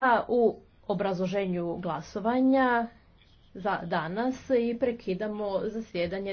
A u obrazoženju glasovanja za danas i prekidamo zasjedanje